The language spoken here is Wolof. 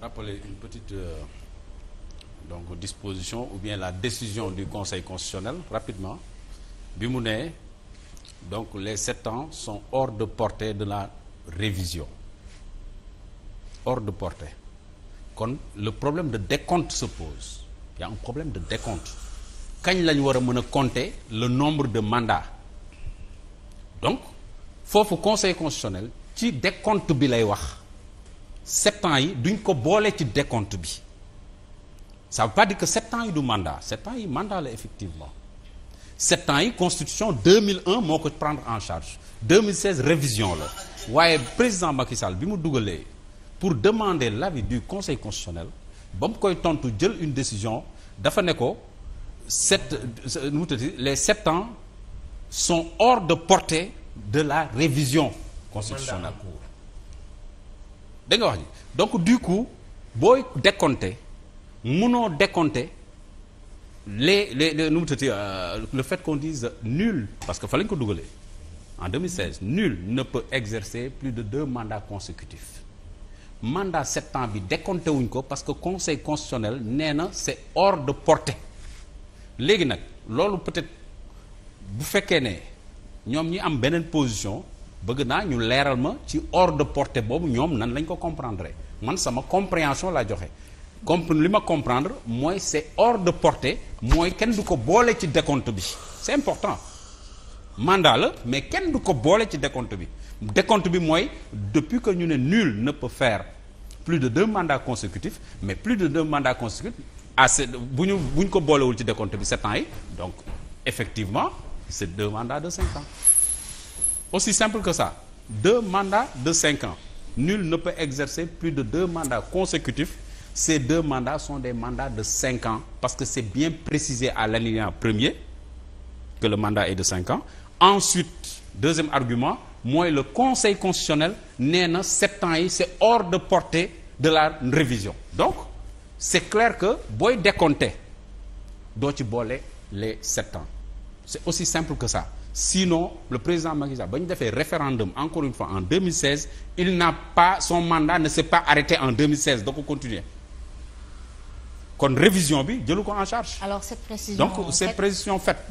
rappeler une petite euh, donc disposition ou bien la décision du Conseil constitutionnel rapidement bi mu nee donc les sept ans son hors de portée de la révision hors de portée kon le problème de décompte se pose il y problème de déconte kañ lañu ñu war a mën a compter le nombre de mandats donc foofu Conseil constitutionnel ci décompte bi lay wax sept ans yi duñ ko boole ci décompte bi ça veut pas dire que sept ans yi du mandat sept ans yi mandat la effectivement sept ans yi constitution 2001 moo ko prendre en charge 2016 révision la waaye président Macky Sall bi mu dugalee pour demander l'avis du conseil constitutionnel ba mu koy tontu jël une décision dafa ne ko sept nu mu tëddee les sept ans sont hors de portée de la révision constitutionnelle dégg wax ji donc du coup booy décompter mënoo décompter les les les nu mu euh, le fait qu'on dise nul parce que fa lañ ko dugalee en 2016 nul ne peut exercer plus de deux mandats consécutifs mandat sept bi décompté wuñ ko parce que conseil constitutionnel nee na c'est hors de portée léegi nag loolu peut-être bu fekkee ne ñoom ñi am beneen position. bëgg naa ñu leeral ma ci hors de portée boobu ñoom nan lañ ko comprendre man sama compréhension laa joxe comp li ma comprendre mooy c'est hors de porté mooy kenn du ko boole ci déconte bi c'est important mandat la mais kenn du ko boole ci déconte bi déconte bi mooy depuis que ñu ne nul ne peut faire plus de deux mandats consécutifs mais plus de deux mandats consécutifs à ce bu ñu bu ñu ko boolewul ci déconte bi sept ans yi donc effectivement c'est deux mandats de cinq aussi simple que ça deux mandats de cinq ans nul ne peut exercer plus de deux mandats consécutifs ces deux mandats sont des mandats de cinq ans parce que c'est bien précisé à l'alinéa premier que le mandat est de cinq ans ensuite deuxième argument mooy le conseil constitutionnel nee na sept ans yi c'est hors de portée de la révision donc c'est clair que booy décompter doo ci boole les sept ans c'est aussi simple que ça sinon le président Macky Sall ba ñu defee référendum encore une fois en 2016 il n'a pas son mandat ne s'est pas arrêté en 2016 da ko continuer kon révision bi jëlu ko en charge. alors cette précision donc cette précision faite.